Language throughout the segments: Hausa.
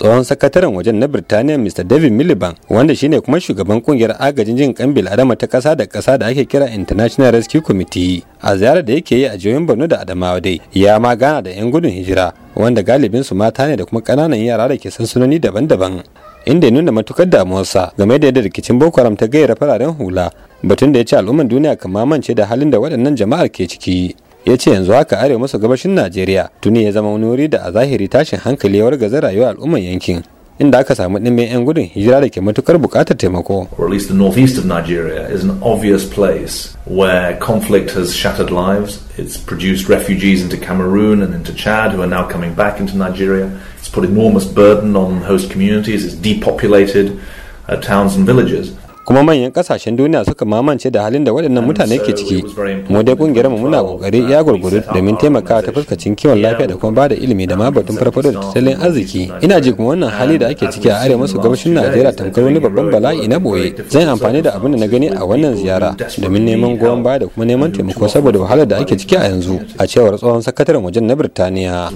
tsohon sakataren wajen na birtaniya mr david miliband wanda shine kuma shugaban kungiyar agajin jin kan bil'adama ta kasa da kasa da ake kira international rescue committee a ziyarar da yake yi a jihohin borno da adamawa dai ya ma gana da 'yan gudun hijira wanda galibin su mata ne da kuma kananan yara da ke sansanoni daban-daban inda ya nuna matukar damuwarsa game da yadda rikicin boko haram ta gayyara fararen hula batun da ya ce al'umman duniya kan mamance da halin da waɗannan jama'ar ke ciki ya ce yanzu haka arewa maso gabashin najeriya tuni ya zama wani wuri da a zahiri tashin hankali ya wargaza rayuwar al'umman yankin inda aka samu ɗimbin 'yan gudun hijira da ke matukar buƙatar taimako. Or at least the northeast of Nigeria is an obvious place where conflict has shattered lives. It's produced refugees into Cameroon and into Chad who are now coming back into Nigeria. It's put enormous burden on host communities. It's depopulated uh, towns and villages. kuma manyan kasashen duniya suka mamance da halin da waɗannan mutane uh, ke ciki mu dai kungiyarmu muna kokari ya gurguru domin taimakawa ta fuskacin kiwon lafiya da kuma bada ilimi da mabatun farfado da tattalin arziki ina ji kuma wannan hali da ake ciki a arewa maso gabashin Najeriya tamkar wani babban bala'i na boye zan amfani da abin da na gani a wannan ziyara domin neman goyon baya da kuma neman taimako saboda wahalar da ake ciki a yanzu a cewar tsohon sakataren wajen na Birtaniya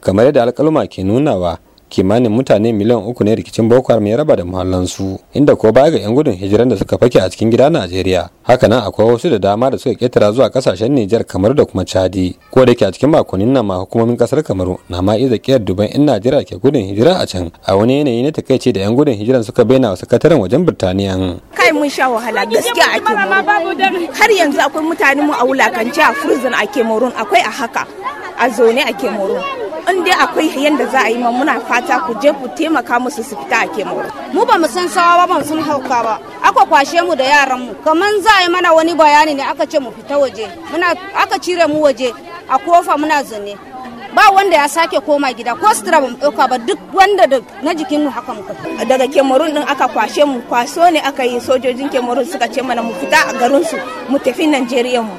Kamar yadda alkaluma ke nunawa kimanin mutane miliyan uku ne rikicin boko haram ya raba da muhallansu inda ko baya ga yan gudun hijiran da suka fake a cikin gida najeriya hakanan akwai wasu da dama da suka ketara zuwa kasashen nijar kamar da kuma chadi ko da ke a cikin makonnin nan ma hukumomin kasar kamaru na ma iza kiyar duban in najeriya ke gudun hijira a can a wani yanayi na takaice da yan gudun hijiran suka bayyana wa sakataren wajen birtaniya kai mun sha wahala gaskiya a har yanzu akwai mutanen mu a wulakance a furzin a kemarun akwai a haka a zaune a kemarun in dai akwai yadda za a yi muna fata ku je ku taimaka musu su fita a kemo mu ba mu san sawa ba mu san hauka ba aka kwashe mu da yaran mu kaman za a yi mana wani bayani ne aka ce mu fita waje muna aka cire mu waje a kofa muna zane ba wanda ya sake koma gida ko sutura ba mu ɗauka ba duk wanda da na jikin mu haka muka daga kemarun din aka kwashe mu kwaso ne aka yi sojojin kemarun suka ce mana mu fita a garin su mu tafi najeriya mu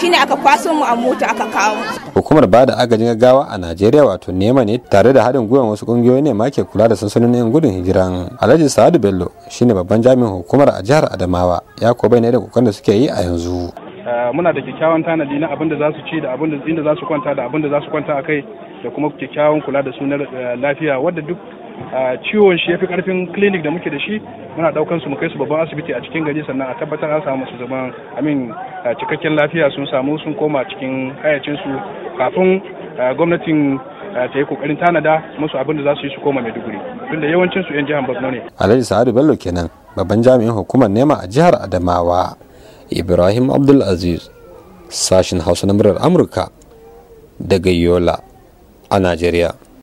shine aka kwaso mu a mota aka kawo hukumar ba da agajin gaggawa a najeriya wato nema ne tare da haɗin gwiwa wasu ƙungiyoyi ne ma ke kula da sansanonin yan gudun hijiran alhaji sa'adu bello shine babban jami'in hukumar a jihar adamawa ya ko ne da kokarin da suke yi a yanzu eh, muna da kyakkyawan tanadi na abin da za su ci da abin da za su kwanta da abin da za su kwanta a kai da kuma kyakkyawan kula da su eh, lafiya wadda duk ciwon shi ya fi karfin clinic da muke da shi muna daukan su mu kai su babban asibiti a cikin gari sannan a tabbatar an samu su zaman amin cikakken lafiya sun samu sun koma cikin hayacin su kafin gwamnatin ta yi kokarin tanada musu abin da za su yi su koma maiduguri tunda yawancin su yan jihar borno ne alhaji sa'adu bello kenan babban jami'in hukumar nema a jihar adamawa ibrahim abdulaziz sashin hausa na murar amurka daga yola a najeriya